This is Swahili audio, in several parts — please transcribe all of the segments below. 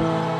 Bye.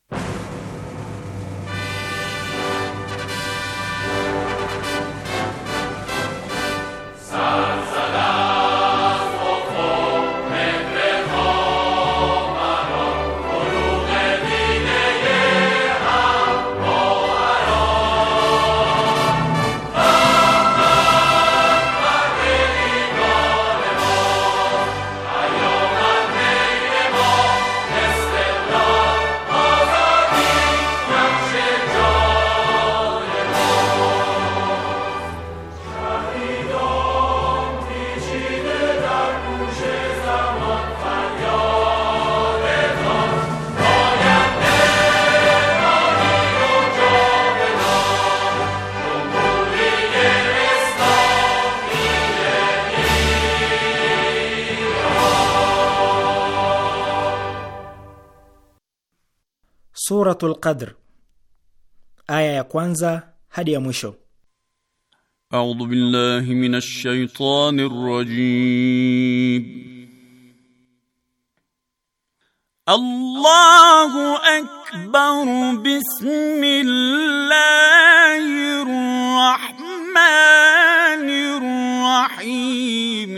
Suratul Qadr aya ya kwanza hadi ya mwisho. A'udhu billahi minash shaitani rajim. Allahu akbar bismillahir rahmanir rahim.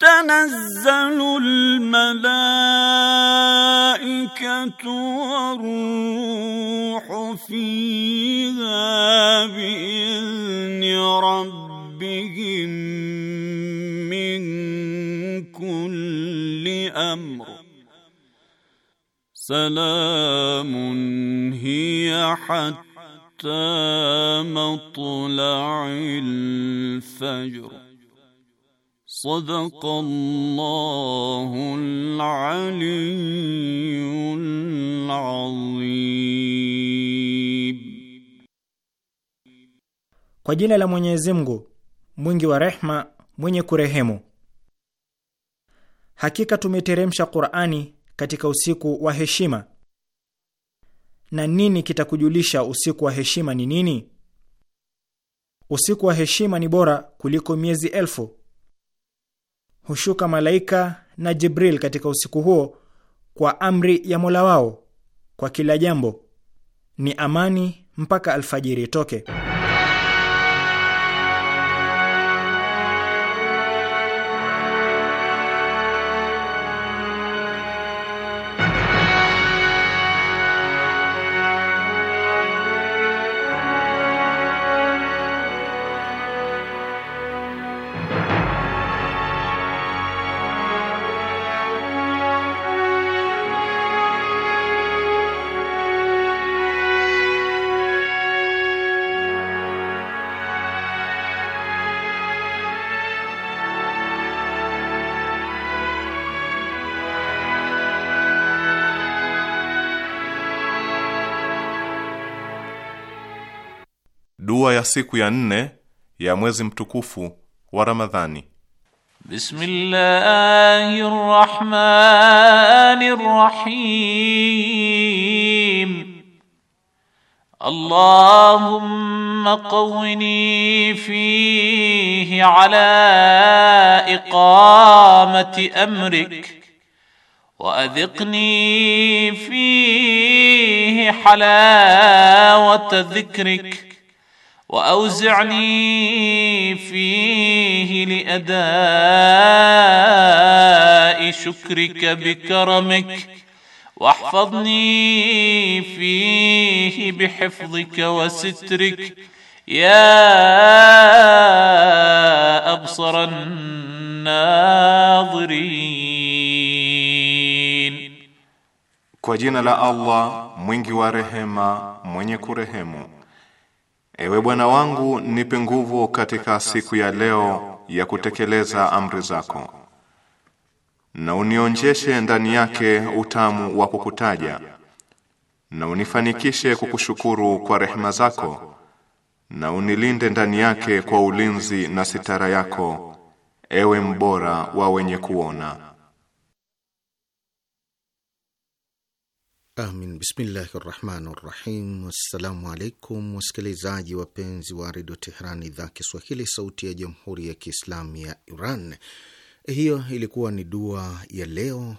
تنزل الملائكة والروح فيها بإذن ربهم من كل أمر سلام هي حتى مطلع الفجر صدق الله العلي العظيم. Kwa jina la Mwenyezi Mungu mwingi wa rehma mwenye kurehemu. Hakika tumeteremsha Qur'ani katika usiku wa heshima. Na nini kitakujulisha usiku wa heshima ni nini? Usiku wa heshima ni bora kuliko miezi elfu hushuka malaika na Jibril katika usiku huo kwa amri ya Mola wao kwa kila jambo. Ni amani mpaka alfajiri itoke. ya siku ya nne ya mwezi mtukufu wa Ramadhani. Bismillahirrahmanirrahim. Rahmanir Rahim. Allahumma qawini fihi ala iqamati amrik وأذقني فيه حلاوة ذكرك واوزعني فيه لاداء شكرك بكرمك واحفظني فيه بحفظك وسترك يا ابصر الناظرين kwa jina la allah mwingi wa rehema mwenye kurehemu Ewe Bwana wangu, nipe nguvu katika siku ya leo ya kutekeleza amri zako, na unionjeshe ndani yake utamu wa kukutaja, na unifanikishe kukushukuru kwa rehema zako, na unilinde ndani yake kwa ulinzi na sitara yako, ewe mbora wa wenye kuona. Amin. Bismillahi rahmani rahim. Assalamu alaikum wasikilizaji wapenzi wa redio Tehran, idhaa Kiswahili, sauti ya jamhuri ya kiislamu ya Iran. Hiyo ilikuwa ni dua ya leo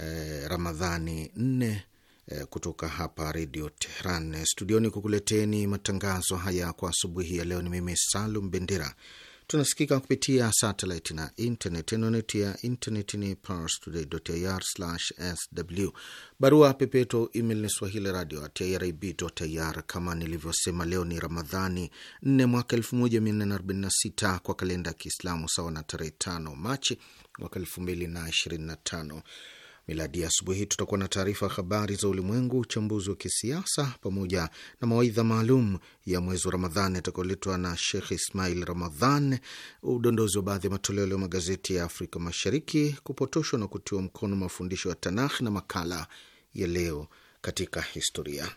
eh, Ramadhani nne eh, kutoka hapa redio Tehran studioni kukuleteni matangazo haya kwa asubuhi ya leo. Ni mimi Salum Bendera Tunasikika kupitia satellite na internet. Anwani ya internet ni parstoday.ir/sw, barua pepeto email ni swahili radio at irib.ir. Kama nilivyosema, leo ni Ramadhani 4 mwaka 1446 kwa kalenda ya Kiislamu, sawa na tarehe 5 Machi mwaka 2025 miladi ya asubuhi tutakuwa na taarifa ya habari za ulimwengu, uchambuzi wa kisiasa, pamoja na mawaidha maalum ya mwezi wa Ramadhani atakaoletwa na Shekh Ismail Ramadhan, udondozi wa baadhi ya matoleo ya magazeti ya Afrika Mashariki, kupotoshwa na kutiwa mkono mafundisho ya Tanakh na makala ya leo katika historia.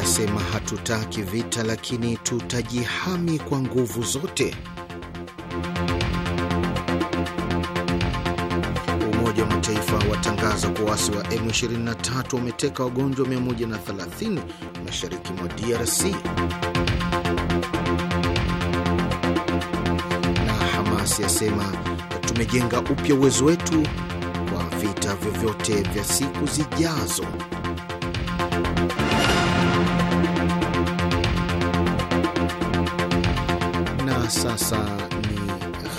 yasema hatutaki vita, lakini tutajihami kwa nguvu zote. Umoja wa Mataifa watangaza kuwa waasi wa M23 wameteka wagonjwa 130 mashariki mwa DRC. Na Hamas yasema tumejenga upya uwezo wetu kwa vita vyovyote vya siku zijazo. sasa ni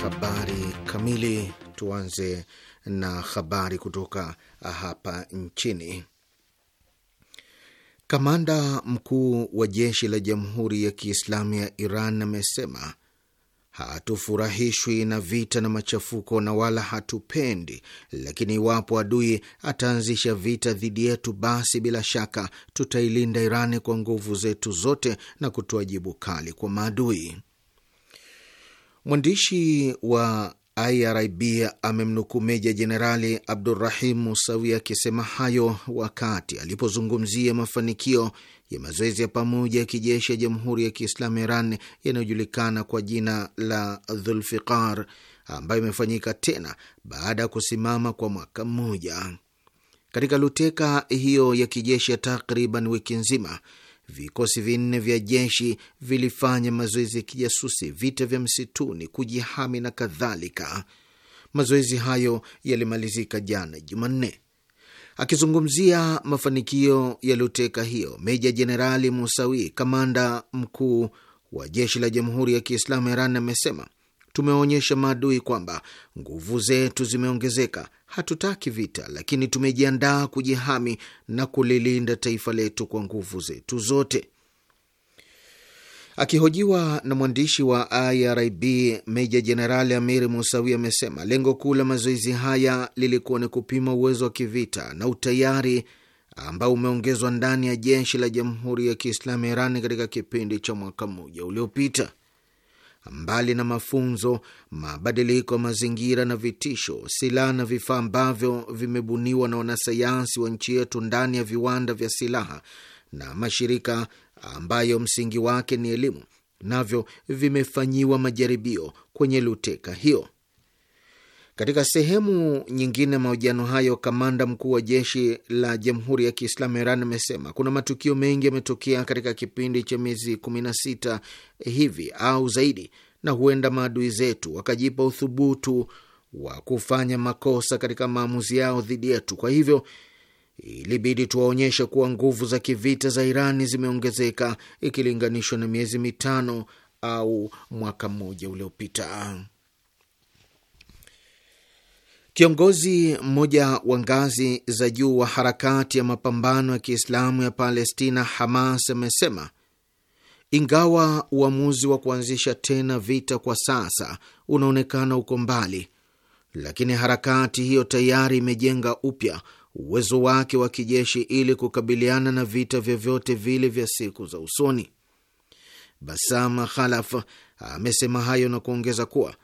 habari kamili. Tuanze na habari kutoka hapa nchini. Kamanda mkuu wa jeshi la Jamhuri ya Kiislamu ya Iran amesema hatufurahishwi na vita na machafuko na wala hatupendi, lakini iwapo adui ataanzisha vita dhidi yetu, basi bila shaka tutailinda Irani kwa nguvu zetu zote na kutoa jibu kali kwa maadui. Mwandishi wa IRIB amemnukuu Meja Jenerali Abdurahim Musawi akisema hayo wakati alipozungumzia mafanikio ya mazoezi ya pamoja ya kijeshi ya Jamhuri ya Kiislamu Iran yanayojulikana kwa jina la Dhulfiqar ambayo imefanyika tena baada ya kusimama kwa mwaka mmoja. Katika luteka hiyo ya kijeshi ya takriban wiki nzima vikosi vinne vya jeshi vilifanya mazoezi ya kijasusi, vita vya msituni, kujihami na kadhalika. Mazoezi hayo yalimalizika jana Jumanne. Akizungumzia mafanikio ya luteka hiyo, Meja Jenerali Musawi, kamanda mkuu wa jeshi la Jamhuri ya Kiislamu Iran, amesema tumewaonyesha maadui kwamba nguvu zetu zimeongezeka. Hatutaki vita, lakini tumejiandaa kujihami na kulilinda taifa letu kwa nguvu zetu zote. Akihojiwa na mwandishi wa IRIB meja jenerali Amiri Musawi amesema lengo kuu la mazoezi haya lilikuwa ni kupima uwezo wa kivita na utayari ambao umeongezwa ndani ya jeshi la Jamhuri ya Kiislamu Irani katika kipindi cha mwaka mmoja uliopita. Mbali na mafunzo, mabadiliko ya mazingira na vitisho, silaha na vifaa ambavyo vimebuniwa na wanasayansi wa nchi yetu ndani ya viwanda vya silaha na mashirika ambayo msingi wake ni elimu, navyo vimefanyiwa majaribio kwenye luteka hiyo. Katika sehemu nyingine mahojiano hayo, kamanda mkuu wa jeshi la jamhuri ya Kiislamu Iran amesema kuna matukio mengi yametokea katika kipindi cha miezi 16 hivi au zaidi, na huenda maadui zetu wakajipa uthubutu wa kufanya makosa katika maamuzi yao dhidi yetu. Kwa hivyo ilibidi tuwaonyeshe kuwa nguvu za kivita za Irani zimeongezeka ikilinganishwa na miezi mitano au mwaka mmoja uliopita. Kiongozi mmoja wa ngazi za juu wa harakati ya mapambano ya Kiislamu ya Palestina, Hamas, amesema ingawa uamuzi wa kuanzisha tena vita kwa sasa unaonekana uko mbali, lakini harakati hiyo tayari imejenga upya uwezo wake wa kijeshi ili kukabiliana na vita vyovyote vile vya siku za usoni. Basam Khalaf amesema hayo na kuongeza kuwa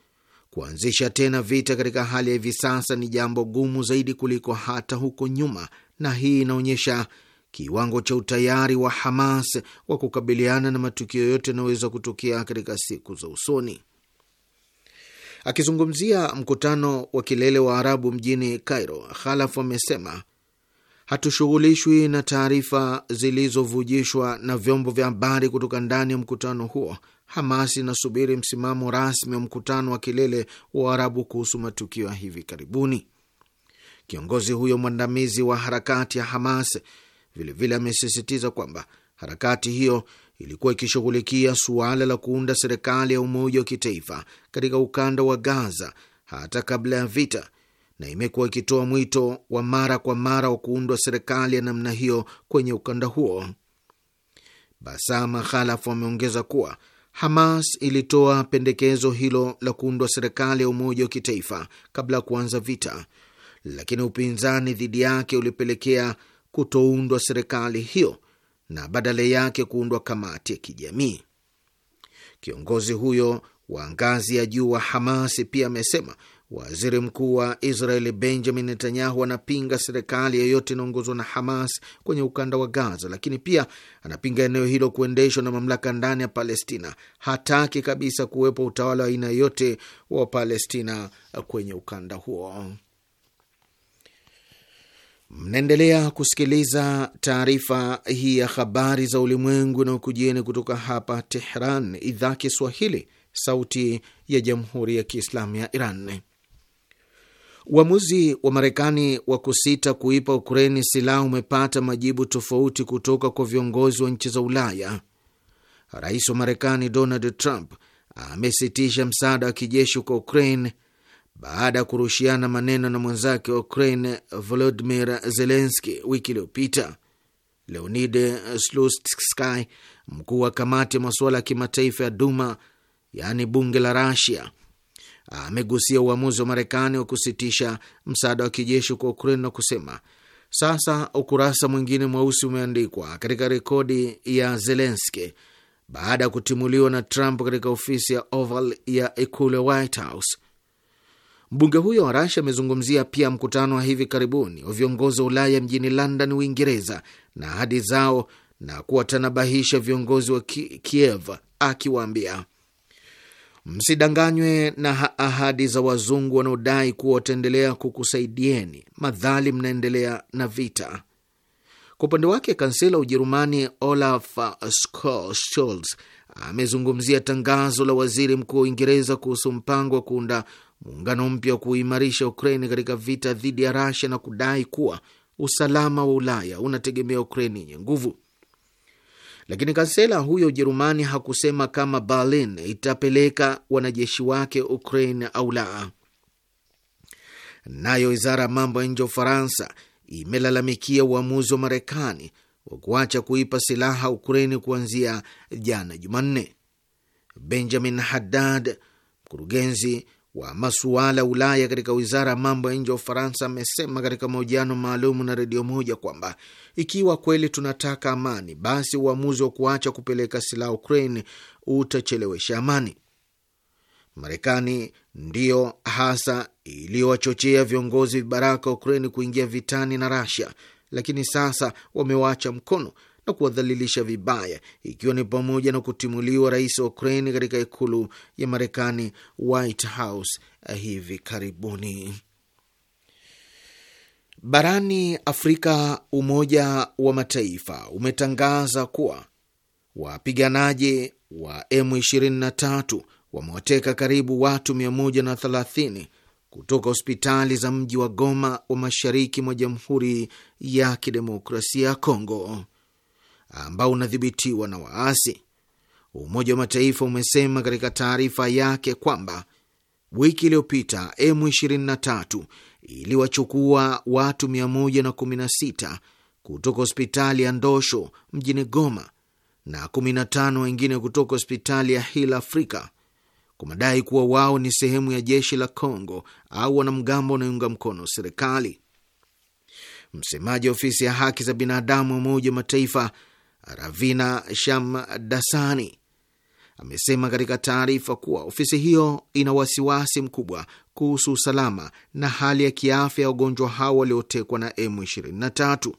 kuanzisha tena vita katika hali ya hivi sasa ni jambo gumu zaidi kuliko hata huko nyuma, na hii inaonyesha kiwango cha utayari wa Hamas wa kukabiliana na matukio yote yanayoweza kutokea katika siku za usoni. Akizungumzia mkutano wa kilele wa Arabu mjini Cairo, Khalaf amesema hatushughulishwi na taarifa zilizovujishwa na vyombo vya habari kutoka ndani ya mkutano huo Hamas inasubiri msimamo rasmi wa mkutano wa kilele wa arabu kuhusu matukio ya hivi karibuni. Kiongozi huyo mwandamizi wa harakati ya Hamas vilevile amesisitiza kwamba harakati hiyo ilikuwa ikishughulikia suala la kuunda serikali ya umoja wa kitaifa katika ukanda wa Gaza hata kabla ya vita na imekuwa ikitoa mwito wa mara kwa mara wa kuundwa serikali ya namna hiyo kwenye ukanda huo. Basama Khalafu ameongeza kuwa Hamas ilitoa pendekezo hilo la kuundwa serikali ya umoja wa kitaifa kabla ya kuanza vita, lakini upinzani dhidi yake ulipelekea kutoundwa serikali hiyo na badala yake kuundwa kamati ya kijamii. Kiongozi huyo wa ngazi ya juu wa Hamas pia amesema Waziri mkuu wa Israeli Benjamin Netanyahu anapinga serikali yeyote inaongozwa na Hamas kwenye ukanda wa Gaza, lakini pia anapinga eneo hilo kuendeshwa na mamlaka ndani ya Palestina. Hataki kabisa kuwepo utawala wa aina yoyote wa Palestina kwenye ukanda huo. Mnaendelea kusikiliza taarifa hii ya habari za ulimwengu na ukujieni kutoka hapa Tehran, idhaa Kiswahili, sauti ya jamhuri ya kiislamu ya Iran. Uamuzi wa Marekani wa kusita kuipa Ukraini silaha umepata majibu tofauti kutoka kwa viongozi wa nchi za Ulaya. Rais wa Marekani Donald Trump amesitisha msaada wa kijeshi kwa Ukraine baada ya kurushiana maneno na mwenzake wa Ukraine Volodimir Zelenski wiki iliyopita. Leonid Slutsky, mkuu wa kamati ya masuala ya kimataifa ya Duma, yaani bunge la Rasia, amegusia uamuzi wa Marekani wa kusitisha msaada wa kijeshi kwa Ukraine na kusema sasa ukurasa mwingine mweusi umeandikwa katika rekodi ya Zelenski baada ya kutimuliwa na Trump katika ofisi ya Oval ya ikulu White House. Mbunge huyo wa Rasia amezungumzia pia mkutano wa hivi karibuni wa viongozi wa Ulaya mjini London, Uingereza, na ahadi zao na kuwatanabahisha viongozi wa Kiev akiwaambia Msidanganywe na ahadi za wazungu wanaodai kuwa wataendelea kukusaidieni madhali mnaendelea na vita. Kwa upande wake, kansela Ujerumani Olaf Scholz amezungumzia tangazo la waziri mkuu wa Uingereza kuhusu mpango wa kuunda muungano mpya wa kuimarisha Ukraini katika vita dhidi ya Rasia na kudai kuwa usalama wa Ulaya unategemea Ukraini yenye nguvu lakini kansela huyo Ujerumani hakusema kama Berlin itapeleka wanajeshi wake Ukraine au la. Nayo wizara ya mambo ya nje ya Ufaransa imelalamikia uamuzi wa Marekani wa kuacha kuipa silaha Ukraini kuanzia jana Jumanne. Benjamin Haddad, mkurugenzi wa masuala Ulaya katika wizara ya mambo ya nje ya Ufaransa amesema katika mahojiano maalum na redio moja kwamba ikiwa kweli tunataka amani, basi uamuzi wa kuacha kupeleka silaha Ukraine utachelewesha amani. Marekani ndiyo hasa iliyowachochea viongozi vibaraka wa Ukraine kuingia vitani na Rasia, lakini sasa wamewacha mkono na kuwadhalilisha vibaya, ikiwa ni pamoja na kutimuliwa rais wa ukraini katika ikulu ya Marekani, White House, eh, hivi karibuni. Barani Afrika, Umoja wa Mataifa umetangaza kuwa wapiganaji wa M23 wamewateka karibu watu 130 kutoka hospitali za mji wa Goma wa mashariki mwa Jamhuri ya Kidemokrasia ya Kongo ambao unadhibitiwa na waasi. Umoja wa Mataifa umesema katika taarifa yake kwamba wiki iliyopita M23 iliwachukua watu 116 kutoka hospitali ya Ndosho mjini Goma na 15 wengine kutoka hospitali ya Hill africa kwa madai kuwa wao ni sehemu ya jeshi la Congo au wanamgambo wanayounga mkono serikali. Msemaji wa ofisi ya haki za binadamu wa Umoja wa Mataifa Ravina Shamdasani amesema katika taarifa kuwa ofisi hiyo ina wasiwasi mkubwa kuhusu usalama na hali ya kiafya ya wagonjwa hao waliotekwa na M23.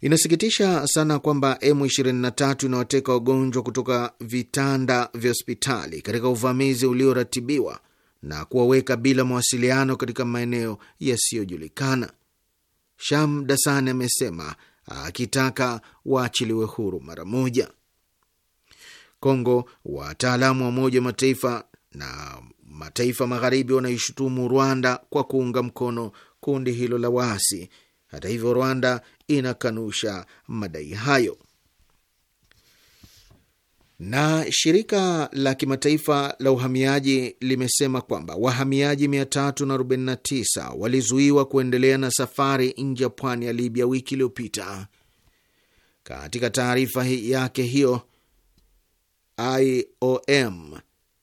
Inasikitisha sana kwamba M23 inawateka wagonjwa kutoka vitanda vya hospitali katika uvamizi ulioratibiwa na kuwaweka bila mawasiliano katika maeneo yasiyojulikana. Sham Dasani amesema akitaka waachiliwe huru mara moja. Kongo, wataalamu wa Umoja wa Mataifa na mataifa magharibi wanaishutumu Rwanda kwa kuunga mkono kundi hilo la waasi. Hata hivyo, Rwanda inakanusha madai hayo. Na shirika la kimataifa la uhamiaji limesema kwamba wahamiaji 349 walizuiwa kuendelea na safari nje ya pwani ya Libya wiki iliyopita. Katika taarifa yake hiyo, IOM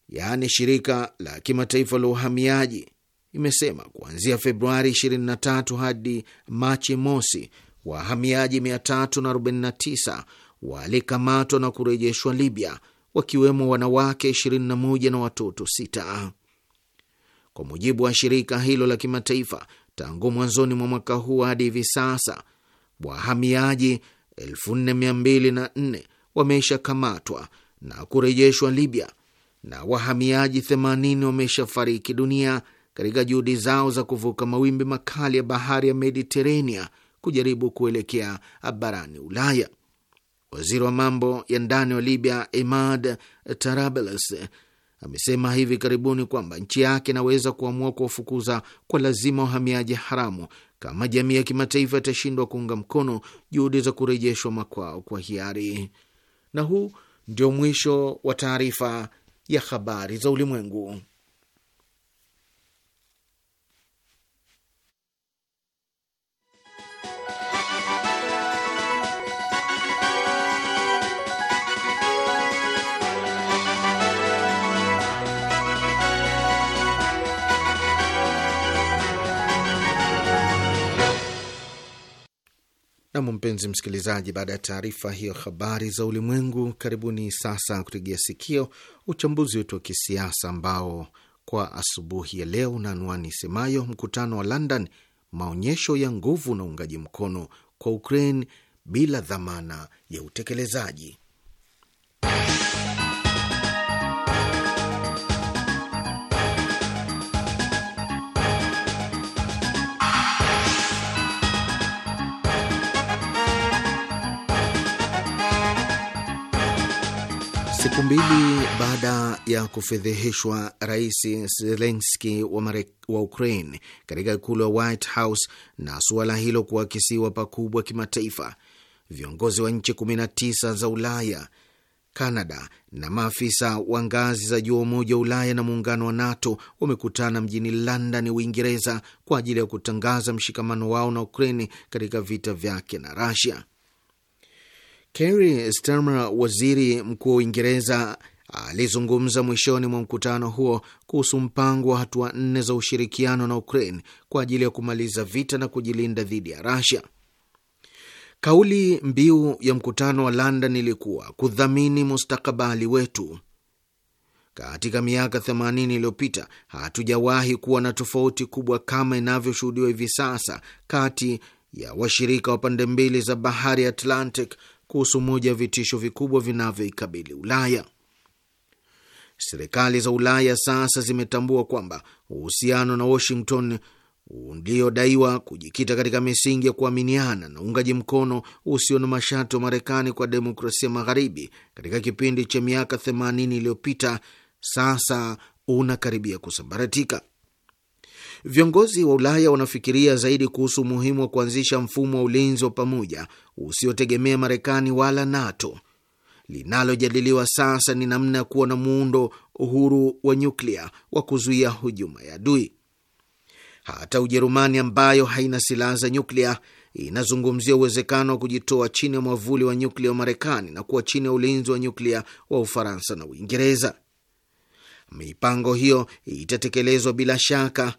yaani shirika la kimataifa la uhamiaji imesema kuanzia Februari 23 hadi Machi mosi wahamiaji 349 walikamatwa na kurejeshwa Libya, wakiwemo wanawake 21 na watoto 6 kwa mujibu wa shirika hilo la kimataifa. Tangu mwanzoni mwa mwaka huu hadi hivi sasa wahamiaji 4204 wameshakamatwa na kurejeshwa Libya na wahamiaji 80 wameshafariki dunia katika juhudi zao za kuvuka mawimbi makali ya bahari ya Mediterania kujaribu kuelekea barani Ulaya. Waziri wa mambo ya ndani wa Libya, Imad tarabeles amesema hivi karibuni kwamba nchi yake inaweza kuamua kuwafukuza kwa lazima wahamiaji haramu kama jamii ya kimataifa itashindwa kuunga mkono juhudi za kurejeshwa makwao kwa hiari. Na huu ndio mwisho wa taarifa ya habari za ulimwengu. Nam, mpenzi msikilizaji, baada ya taarifa hiyo habari za ulimwengu, karibuni sasa kutegea sikio uchambuzi wetu wa kisiasa ambao kwa asubuhi ya leo na anwani semayo mkutano wa London, maonyesho ya nguvu na uungaji mkono kwa Ukraine bila dhamana ya utekelezaji. Siku mbili baada ya kufedheheshwa Rais Zelenski wa, wa Ukraine katika ikulu ya White House na suala hilo kuakisiwa pakubwa kimataifa, viongozi wa nchi 19 za Ulaya, Kanada na maafisa wa ngazi za juu wa Umoja wa Ulaya na muungano wa NATO wamekutana mjini London, Uingereza, kwa ajili ya kutangaza mshikamano wao na Ukraine katika vita vyake na Rusia. Keir Starmer, waziri mkuu wa Uingereza, alizungumza mwishoni mwa mkutano huo kuhusu mpango wa hatua nne za ushirikiano na Ukraine kwa ajili ya kumaliza vita na kujilinda dhidi ya Russia. Kauli mbiu ya mkutano wa London ilikuwa kudhamini mustakabali wetu. Katika miaka 80 iliyopita hatujawahi kuwa na tofauti kubwa kama inavyoshuhudiwa hivi sasa kati ya washirika wa pande mbili za bahari Atlantic kuhusu moja ya vitisho vikubwa vinavyoikabili Ulaya. Serikali za Ulaya sasa zimetambua kwamba uhusiano na Washington uliodaiwa kujikita katika misingi ya kuaminiana na uungaji mkono usio na masharti wa Marekani kwa demokrasia magharibi katika kipindi cha miaka 80 iliyopita sasa unakaribia kusambaratika. Viongozi wa Ulaya wanafikiria zaidi kuhusu umuhimu wa kuanzisha mfumo wa ulinzi wa pamoja usiotegemea Marekani wala NATO. Linalojadiliwa sasa ni namna ya kuwa na muundo uhuru wa nyuklia wa kuzuia hujuma ya adui. Hata Ujerumani ambayo haina silaha za nyuklia inazungumzia uwezekano wa kujitoa chini ya mwavuli wa nyuklia wa Marekani na kuwa chini ya ulinzi wa nyuklia wa Ufaransa na Uingereza. Mipango hiyo itatekelezwa bila shaka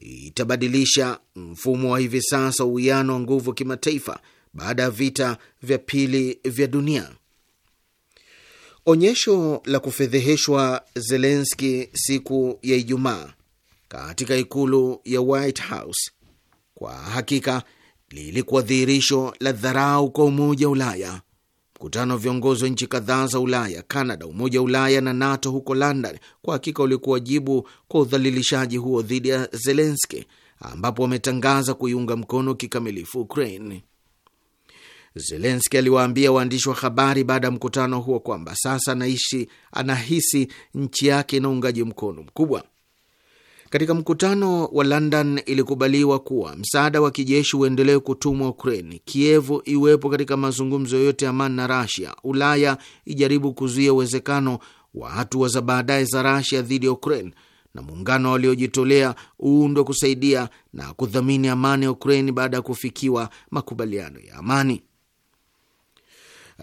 itabadilisha mfumo wa hivi sasa uwiano wa nguvu kimataifa baada ya vita vya pili vya dunia. Onyesho la kufedheheshwa Zelenski siku ya Ijumaa katika ikulu ya White House kwa hakika lilikuwa dhihirisho la dharau kwa Umoja wa Ulaya. Mkutano wa viongozi wa nchi kadhaa za Ulaya, canada Umoja wa Ulaya na NATO huko London kwa hakika ulikuwa jibu kwa udhalilishaji huo dhidi ya Zelenski, ambapo wametangaza kuiunga mkono kikamilifu Ukraine. Zelenski aliwaambia waandishi wa habari baada ya mkutano huo kwamba sasa anaishi, anahisi nchi yake ina uungaji mkono mkubwa katika mkutano wa London ilikubaliwa kuwa msaada wa kijeshi uendelee kutumwa Ukraine, Kievu iwepo katika mazungumzo yote ya amani na Rasia, Ulaya ijaribu kuzuia uwezekano wa hatua za baadaye za Rasia dhidi ya Ukraine, na muungano waliojitolea uundwe kusaidia na kudhamini amani ya Ukraine baada ya kufikiwa makubaliano ya amani.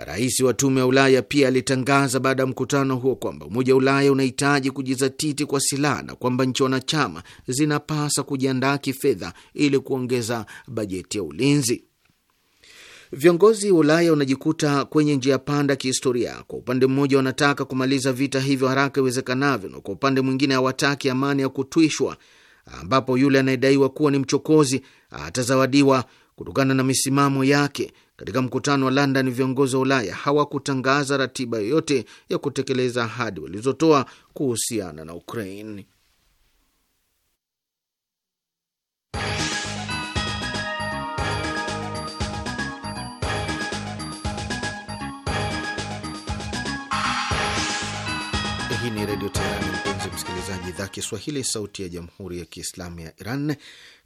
Rais wa Tume ya Ulaya pia alitangaza baada ya mkutano huo kwamba Umoja wa Ulaya unahitaji kujizatiti kwa silaha na kwamba nchi wanachama zinapasa kujiandaa kifedha ili kuongeza bajeti ya ulinzi. Viongozi wa Ulaya wanajikuta kwenye njia panda kihistoria. Kwa upande mmoja, wanataka kumaliza vita hivyo haraka iwezekanavyo, na kwa upande mwingine hawataki amani ya kutwishwa, ambapo yule anayedaiwa kuwa ni mchokozi atazawadiwa kutokana na misimamo yake katika mkutano wa London, viongozi wa Ulaya hawakutangaza ratiba yoyote ya kutekeleza ahadi walizotoa kuhusiana na Ukraine. Hii ni Redio Teherani, mpenzi msikilizaji, idhaa Kiswahili, sauti ya jamhuri ya kiislamu ya Iran.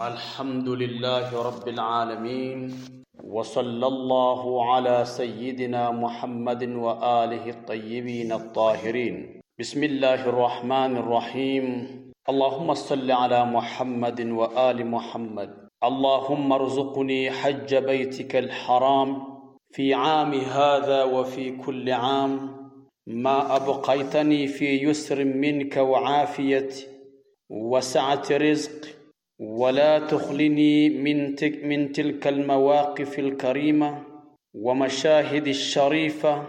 الحمد لله رب العالمين وصلى الله على سيدنا محمد وآله الطيبين الطاهرين بسم الله الرحمن الرحيم اللهم صل على محمد وآل محمد اللهم ارزقني حج بيتك الحرام في عام هذا وفي كل عام ما أبقيتني في يسر منك وعافية وسعة رزق ولا تخلني من تك من تلك المواقف الكريمه ومشاهد الشريفه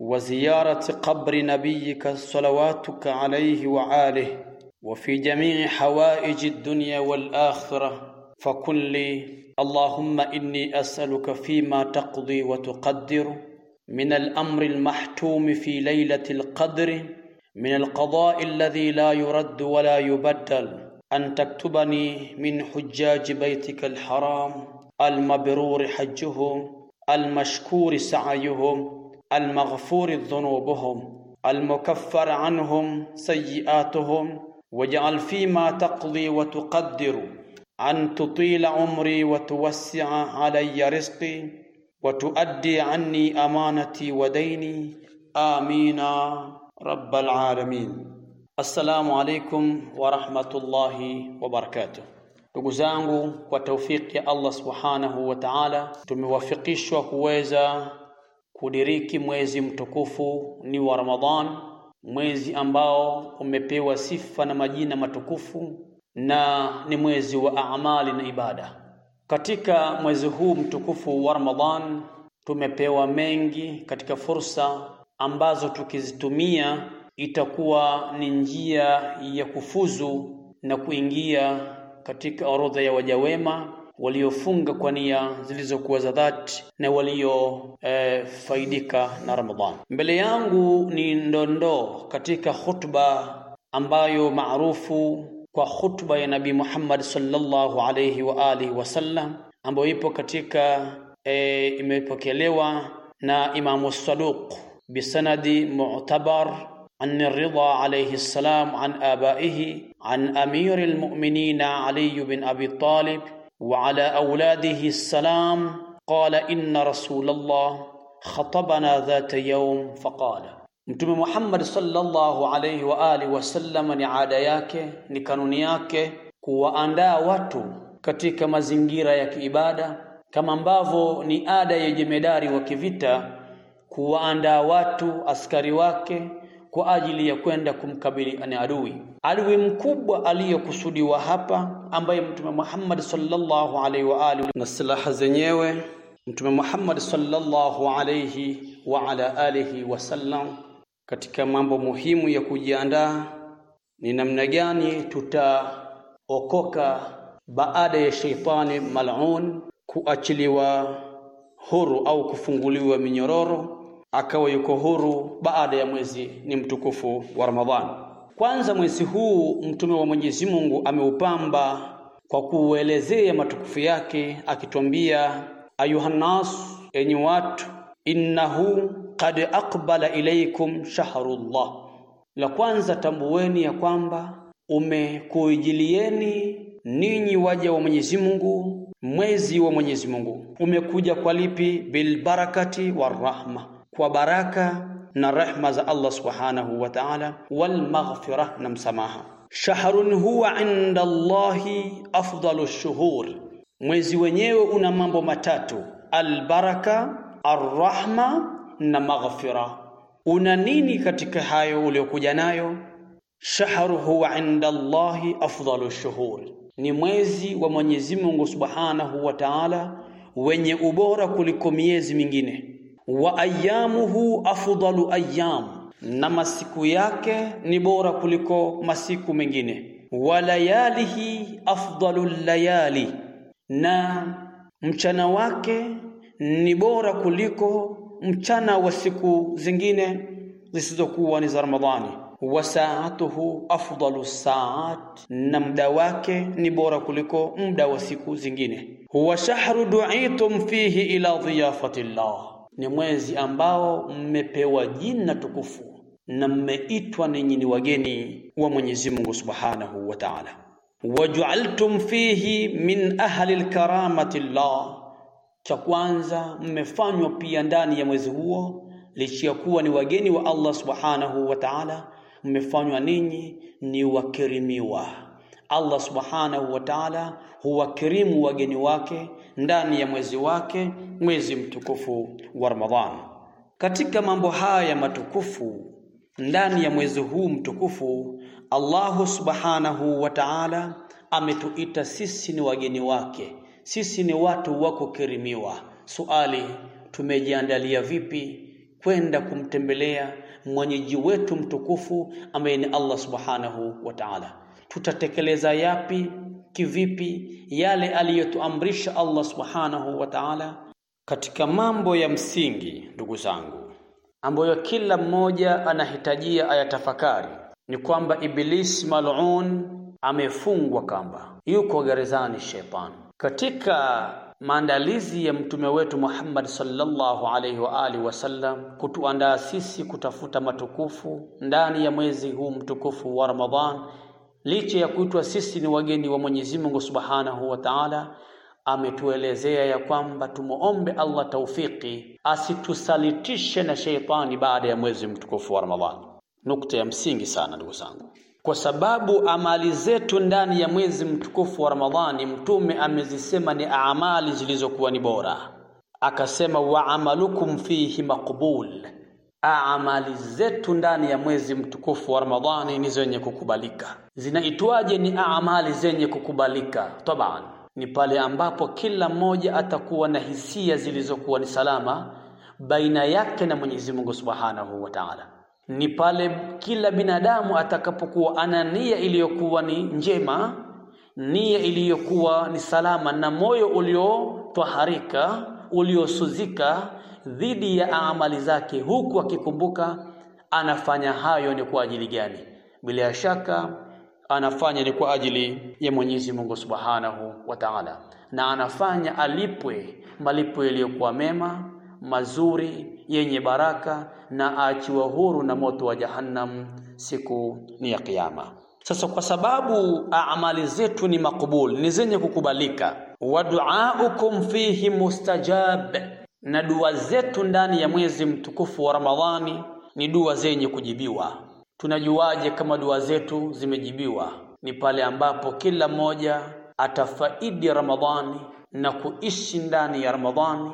وزياره قبر نبيك صلواتك عليه وعاله وفي جميع حوائج الدنيا والاخره فكن لي اللهم اني اسالك فيما تقضي وتقدر من الامر المحتوم في ليله القدر من القضاء الذي لا يرد ولا يبدل أن تكتبني من حجاج بيتك الحرام المبرور حجهم المشكور سعيهم المغفور ذنوبهم المكفر عنهم سيئاتهم واجعل فيما تقضي وتقدر أن تطيل عمري وتوسع علي رزقي وتؤدي عني أمانتي وديني آمين رب العالمين Assalamu alaikum wa rahmatullahi wa barakatuh. Ndugu zangu, kwa taufiki ya Allah subhanahu wa ta'ala, tumewafikishwa kuweza kudiriki mwezi mtukufu ni wa Ramadhan, mwezi ambao umepewa sifa na majina matukufu na ni mwezi wa amali na ibada. Katika mwezi huu mtukufu wa Ramadhan tumepewa mengi katika fursa ambazo tukizitumia itakuwa ni njia ya kufuzu na kuingia katika orodha ya wajawema waliofunga kwa nia zilizokuwa za dhati na waliofaidika eh, e, na Ramadhani. Mbele yangu ni ndondoo katika khutba ambayo maarufu kwa khutba ya Nabii Muhammad sallallahu alayhi wa alihi wasallam ambayo ipo katika e, imepokelewa na Imamu Saduq bisanadi mu'tabar عن الرضا عليه السلام عن آبائه عن أمير المؤمنين علي بن أبي طالب وعلى أولاده السلام قال إن رسول الله خطبنا ذات يوم فقال متم محمد صلى الله عليه وآله وسلم ni ada yake ni kanuni yake kuwaandaa watu katika mazingira ya kiibada kama ambavyo ni ada واتو jemedari wa kwa ajili ya kwenda kumkabili ani adui adui mkubwa aliyokusudiwa hapa, ambaye Mtume Muhammad sallallahu alaihi wa alihi na silaha zenyewe Mtume Muhammad sallallahu alaihi wa ala alihi wasallam, katika mambo muhimu ya kujiandaa ni namna gani tutaokoka baada ya sheitani mal'un kuachiliwa huru au kufunguliwa minyororo akawa yuko huru baada ya mwezi ni mtukufu wa Ramadhani. Kwanza mwezi huu mtume wa Mwenyezi Mungu ameupamba kwa kuuelezea matukufu yake akitwambia, ayuhannas, enyi watu, innahu qad aqbala ilaykum shahrullah, la kwanza tambueni ya kwamba umekuijilieni ninyi waja wa Mwenyezi Mungu mwezi wa Mwenyezi Mungu. Umekuja kwa lipi? Bilbarakati warahma kwa baraka na rehma za Allah subhanahu wa ta'ala, wal maghfira na msamaha. Shahrun huwa inda Allahi afdalu shuhur, mwezi wenyewe una mambo matatu: albaraka, arrahma na maghfira. Una nini katika hayo uliokuja nayo? Shahru huwa inda Allahi afdalu shuhur, ni mwezi wa Mwenyezi Mungu subhanahu wa ta'ala wenye ubora kuliko miezi mingine wa ayamuhu afdalu ayyam, na masiku yake ni bora kuliko masiku mengine. Wa layalihi afdalu layali, na mchana wake ni bora kuliko mchana wa siku zingine zisizokuwa ni za Ramadhani. Wa saatuhu afdalu saat, na muda wake ni bora kuliko muda wa siku zingine. Huwa shahru du'itum fihi ila dhiyafati llah ni mwezi ambao mmepewa jina tukufu na mmeitwa ninyi ni wageni wa Mwenyezi Mungu Subhanahu wa Ta'ala. Waj'altum fihi min ahli lkaramati llah, cha kwanza mmefanywa pia ndani ya mwezi huo, licha ya kuwa ni wageni wa Allah Subhanahu wa Ta'ala, mmefanywa ninyi ni wakirimiwa. Allah Subhanahu wa Ta'ala huwakirimu wageni wake ndani ya mwezi wake mwezi mtukufu wa Ramadhani katika mambo haya matukufu ndani ya mwezi huu mtukufu Allahu subhanahu wa ta'ala ametuita sisi ni wageni wake sisi ni watu wa kukirimiwa suali tumejiandalia vipi kwenda kumtembelea mwenyeji wetu mtukufu ambaye ni Allah subhanahu wa ta'ala tutatekeleza yapi kivipi yale aliyotuamrisha Allah subhanahu wa ta'ala katika mambo ya msingi. Ndugu zangu, ambayo kila mmoja anahitajia ayatafakari ni kwamba Iblis mal'un amefungwa kamba, yuko gerezani shepan Katika maandalizi ya mtume wetu Muhammad sallallahu alayhi wa alihi wasallam kutuandaa sisi kutafuta matukufu ndani ya mwezi huu mtukufu wa Ramadhan licha ya kuitwa sisi ni wageni wa Mwenyezi Mungu Subhanahu wa Ta'ala, ametuelezea ya kwamba tumuombe Allah taufiki asitusalitishe na sheitani baada ya mwezi mtukufu wa Ramadhani. Nukta ya msingi sana ndugu zangu, kwa sababu amali zetu ndani ya mwezi mtukufu wa Ramadhani Mtume amezisema ni amali zilizokuwa ni bora, akasema wa amalukum fihi maqbul Ah, amali zetu ndani ya mwezi mtukufu wa Ramadhani ni zenye kukubalika. Zinaitwaje? Ni amali zenye kukubalika taban, ni pale ambapo kila mmoja atakuwa na hisia zilizokuwa ni salama baina yake na Mwenyezi Mungu Subhanahu wa Ta'ala. Ni pale kila binadamu atakapokuwa ana nia iliyokuwa ni njema, nia iliyokuwa ni salama, na moyo uliotwaharika uliosuzika dhidi ya amali zake, huku akikumbuka anafanya hayo ni kwa ajili gani. Bila shaka anafanya ni kwa ajili ya Mwenyezi Mungu Subhanahu wa Ta'ala, na anafanya alipwe malipo yaliyokuwa mema mazuri yenye baraka na aachiwa huru na moto wa Jahannam siku ni ya Kiyama. Sasa kwa sababu amali zetu ni makubul, ni zenye kukubalika, duaukum fihi mustajab na dua zetu ndani ya mwezi mtukufu wa Ramadhani ni dua zenye kujibiwa. Tunajuaje kama dua zetu zimejibiwa? Ni pale ambapo kila mmoja atafaidi Ramadhani na kuishi ndani ya Ramadhani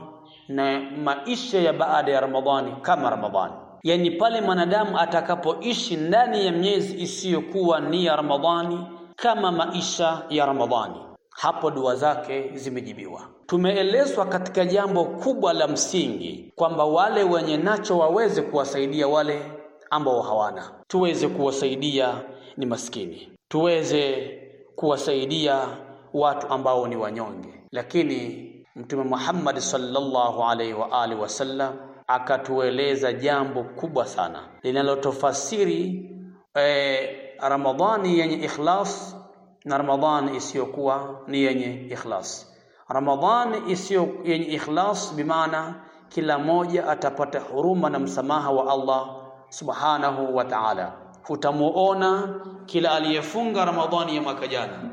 na maisha ya baada ya Ramadhani kama Ramadhani, yaani pale mwanadamu atakapoishi ndani ya miezi isiyokuwa ni ya Ramadhani kama maisha ya Ramadhani, hapo dua zake zimejibiwa. Tumeelezwa katika jambo kubwa la msingi kwamba wale wenye nacho waweze kuwasaidia wale ambao hawana, tuweze kuwasaidia ni maskini, tuweze kuwasaidia watu ambao ni wanyonge, lakini Mtume Muhammad sallallahu alaihi wa alihi wasallam akatueleza jambo kubwa sana linalotofasiri e, eh, Ramadhani yenye ikhlas na Ramadhani isiyokuwa ni yenye ikhlas. Ramadhani isiyo yenye ikhlas, bimaana kila mmoja atapata huruma na msamaha wa Allah subhanahu wa ta'ala. Utamuona kila aliyefunga Ramadhani ya mwaka jana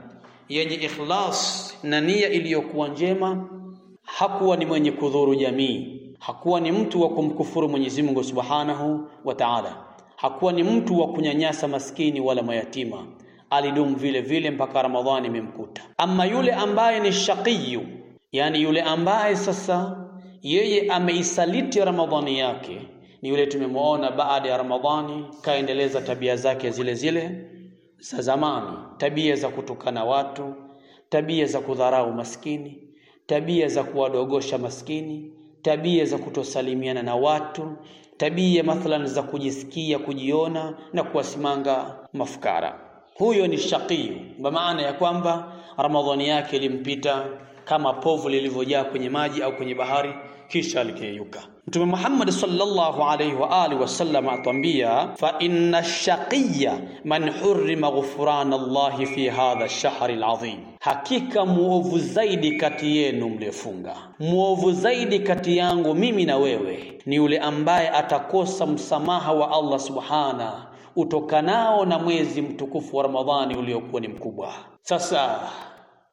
yenye ikhlas na nia iliyokuwa njema, hakuwa ni mwenye kudhuru jamii, hakuwa ni mtu wa kumkufuru Mwenyezi Mungu subhanahu wa ta'ala, hakuwa ni mtu wa kunyanyasa maskini wala mayatima alidumu vile vile mpaka Ramadhani imemkuta. Ama yule ambaye ni shaqiyu, yani yule ambaye sasa yeye ameisaliti Ramadhani yake, ni yule tumemwona baada ya Ramadhani kaendeleza tabia zake zile zile za zamani, tabia za kutukana watu, tabia za kudharau maskini, tabia za kuwadogosha maskini, tabia za kutosalimiana na watu, tabia mathalan za kujisikia, kujiona na kuwasimanga mafukara huyo ni shaqiyu, kwa maana ya kwamba Ramadhani yake ilimpita kama povu lilivyojaa kwenye maji au kwenye bahari kisha likiyeyuka. Mtume Muhammad sallallahu alayhi wa alihi wasallam atwambia, fa inna shaqiya man hurrima ghufran Allah fi hadha ash-shahri al-azim, hakika muovu zaidi kati yenu mliofunga, muovu zaidi kati yangu mimi na wewe ni yule ambaye atakosa msamaha wa Allah subhana utokanao na mwezi mtukufu wa Ramadhani uliokuwa ni mkubwa. Sasa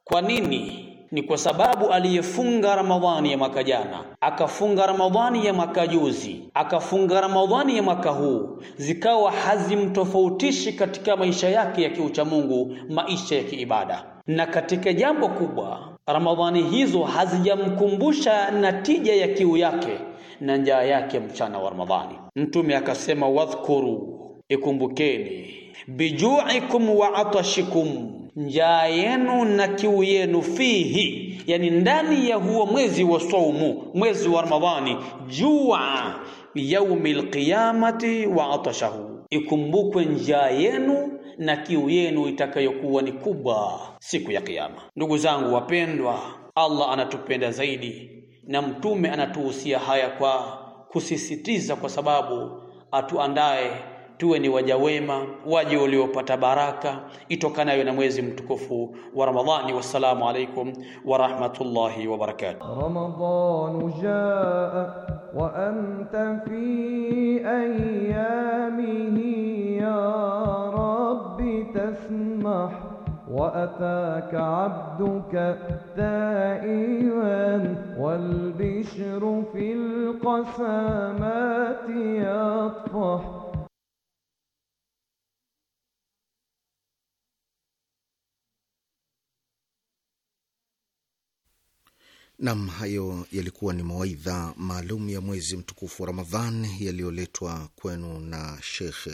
kwa nini? Ni kwa sababu aliyefunga Ramadhani ya mwaka jana akafunga Ramadhani ya mwaka juzi akafunga Ramadhani ya mwaka huu, zikawa hazimtofautishi katika maisha yake ya mungu maisha ya kiibada, na katika jambo kubwa Ramadhani hizo hazijamkumbusha na tija ya kiu yake na njaa yake mchana wa Ramadhani. Mtume akasema wadhkuru ikumbukeni, bijuikum wa atashikum, njaa yenu na kiu yenu, fihi, yani ndani ya huo mwezi wa saumu, mwezi wa Ramadhani, jua yaumi lqiyamati wa atashahu, ikumbukwe njaa yenu na kiu yenu itakayokuwa ni kubwa siku ya Kiyama. Ndugu zangu wapendwa, Allah anatupenda zaidi na mtume anatuhusia haya kwa kusisitiza, kwa sababu atuandae tuwe ni waja wema, waja waliopata baraka itokanayo na mwezi mtukufu wa Ramadhani. Wassalamu alaikum wa rahmatullahi wa barakatuh. Ramadhanu jaa wa anta fi ayamihi ya rabbi tasmah وأتاك عبدك abduka والبشر في القسامات يطفح Nam, hayo yalikuwa ni mawaidha maalum ya mwezi mtukufu wa Ramadhan yaliyoletwa kwenu na Shekh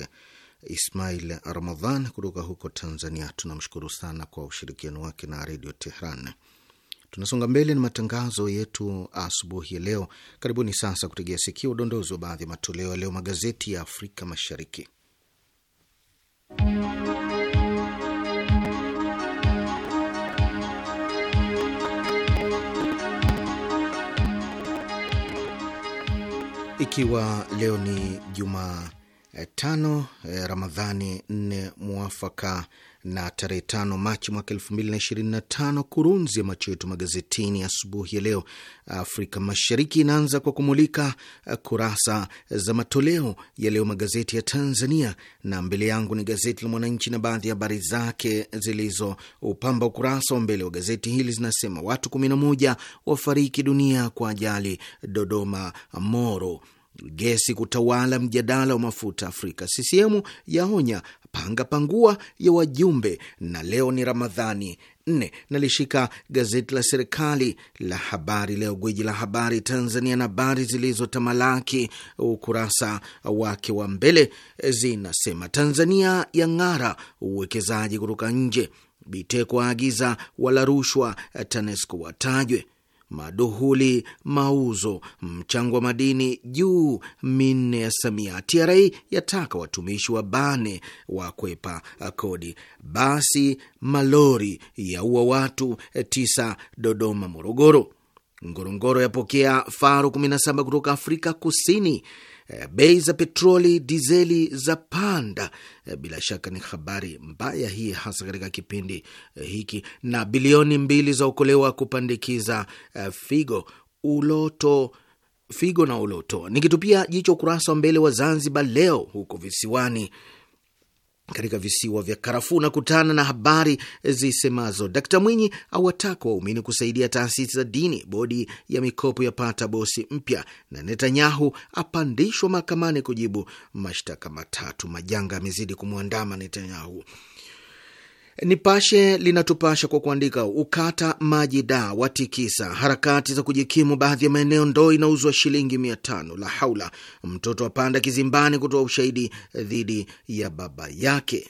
Ismail Ramadhan kutoka huko Tanzania. Tunamshukuru sana kwa ushirikiano wake na Redio Tehran. Tunasonga mbele na matangazo yetu asubuhi ya leo. Karibuni sasa kutegea sikio udondozi wa baadhi ya matoleo ya leo magazeti ya Afrika Mashariki. ikiwa leo ni tano eh, Ramadhani 4 mwafaka na tarehe tano Machi mwaka elfu mbili na ishirini na tano. Kurunzi ya macho yetu magazetini asubuhi ya leo Afrika Mashariki inaanza kwa kumulika eh, kurasa za matoleo ya leo magazeti ya Tanzania, na mbele yangu ni gazeti la Mwananchi na baadhi ya habari zake zilizo upamba ukurasa wa mbele wa gazeti hili zinasema watu kumi na moja wafariki dunia kwa ajali Dodoma Moro Gesi kutawala mjadala wa mafuta Afrika. CCM yaonya panga pangua ya wajumbe, na leo ni Ramadhani nne. Nalishika gazeti la serikali la Habari Leo, gwiji la habari Tanzania, na habari zilizotamalaki ukurasa wake wa mbele zinasema: Tanzania ya ng'ara uwekezaji kutoka nje, Biteko aagiza wala rushwa, TANESCO watajwe maduhuli, mauzo, mchango wa madini juu minne ya Samia. TRA yataka watumishi wa bane wa kwepa kodi. Basi malori yaua watu tisa Dodoma, Morogoro. Ngorongoro yapokea faru 17 kutoka Afrika Kusini. Eh, bei za petroli, dizeli za panda. Eh, bila shaka ni habari mbaya hii, hasa katika kipindi eh, hiki. Na bilioni mbili za okolewa kupandikiza figo uloto figo na uloto. Nikitupia jicho ukurasa wa mbele wa Zanzibar Leo, huko visiwani katika visiwa vya karafuu na kutana na habari zisemazo Dkt Mwinyi awataka waumini kusaidia taasisi za dini, bodi ya mikopo yapata bosi mpya, na Netanyahu apandishwa mahakamani kujibu mashtaka matatu. Majanga yamezidi kumwandama Netanyahu. Nipashe linatupasha kwa kuandika ukata maji da watikisa harakati za kujikimu, baadhi ya maeneo ndoo inauzwa shilingi mia tano. La haula, mtoto apanda kizimbani kutoa ushahidi dhidi ya baba yake.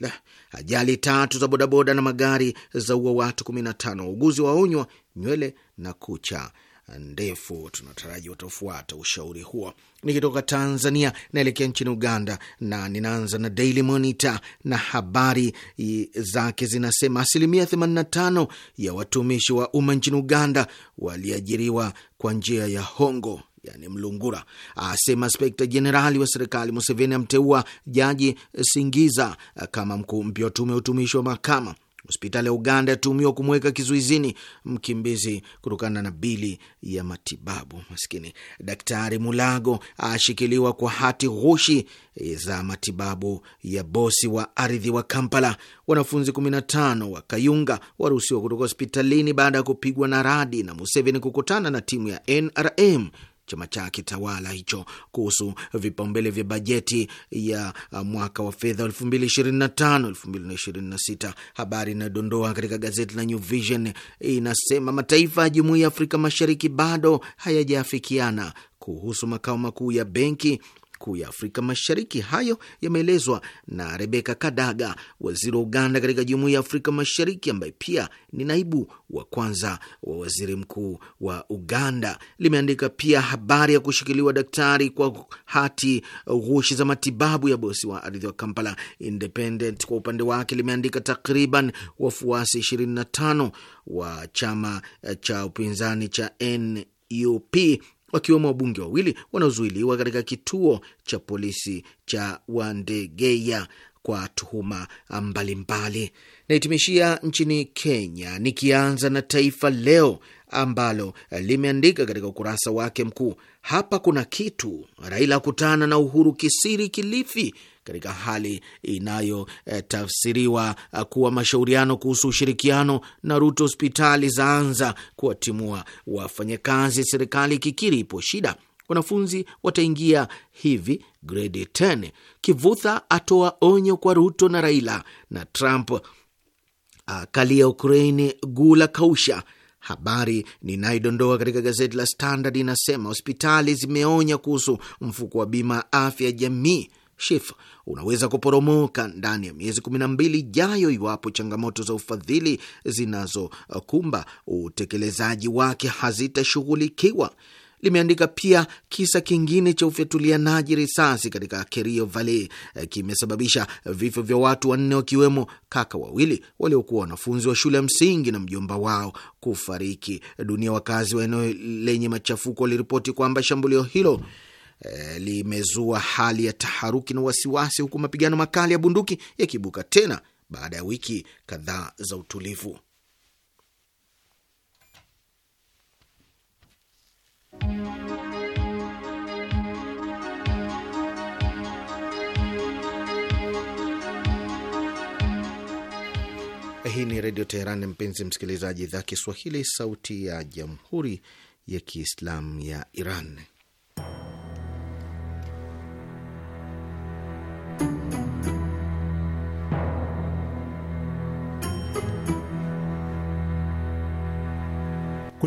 La, ajali tatu za bodaboda na magari za ua watu 15, wauguzi waonywa nywele na kucha ndefu. Tunataraji watafuata ushauri huo. Nikitoka Tanzania naelekea nchini Uganda na ninaanza na Daily Monitor na habari zake zinasema asilimia 85 ya watumishi wa umma nchini Uganda waliajiriwa kwa njia ya hongo Yani mlungura, asema Spekta Jenerali wa serikali. Museveni amteua Jaji Singiza kama mkuu mpya wa tume ya utumishi wa mahakama. Hospitali ya Uganda yatumiwa kumweka kizuizini mkimbizi kutokana na bili ya matibabu. Maskini Daktari Mulago ashikiliwa kwa hati ghushi za matibabu ya bosi wa ardhi wa Kampala. Wanafunzi 15 wa Kayunga waruhusiwa kutoka hospitalini baada ya kupigwa na radi, na Museveni kukutana na timu ya NRM chama chake tawala hicho kuhusu vipaumbele vya bajeti ya uh, mwaka wa fedha 2025 2026. Habari inayodondoa katika gazeti la New Vision inasema mataifa ya jumuiya ya Afrika Mashariki bado hayajafikiana kuhusu makao makuu ya benki kuu ya Afrika Mashariki. Hayo yameelezwa na Rebeka Kadaga, waziri wa Uganda katika Jumuiya ya Afrika Mashariki, ambaye pia ni naibu wa kwanza wa waziri mkuu wa Uganda. Limeandika pia habari ya kushikiliwa daktari kwa hati ghushi za matibabu ya bosi wa ardhi wa Kampala. Independent kwa upande wake limeandika takriban wafuasi 25 wa chama cha upinzani cha NUP wakiwemo wabunge wawili wanaozuiliwa katika kituo cha polisi cha Wandegeya kwa tuhuma mbalimbali. Nahitimishia nchini Kenya, nikianza na Taifa Leo ambalo limeandika katika ukurasa wake mkuu, hapa kuna kitu. Raila akutana na Uhuru kisiri Kilifi katika hali inayotafsiriwa eh, kuwa mashauriano kuhusu ushirikiano na Ruto. Hospitali zaanza kuwatimua wafanyakazi, serikali ikikiri ipo shida. Wanafunzi wataingia hivi gredi 10. Kivutha atoa onyo kwa Ruto na Raila, na Trump akalia Ukraini gula kausha. Habari ninayodondoa katika gazeti la Standard inasema hospitali zimeonya kuhusu mfuko wa bima ya afya jamii Shif unaweza kuporomoka ndani ya miezi kumi na mbili ijayo iwapo changamoto za ufadhili zinazokumba utekelezaji wake hazitashughulikiwa. Limeandika pia kisa kingine cha ufyatulianaji risasi katika Kerio Valley eh, kimesababisha vifo vya watu wanne wakiwemo kaka wawili waliokuwa wanafunzi wa shule ya msingi na mjomba wao kufariki dunia. Wakazi wa eneo lenye machafuko waliripoti kwamba shambulio hilo e, limezua hali ya taharuki na wasiwasi, huku mapigano makali ya bunduki yakibuka tena baada ya wiki kadhaa za utulivu. Hii ni Redio Teheran, mpenzi msikilizaji, idhaa Kiswahili, sauti ya Jamhuri ya Kiislamu ya Iran.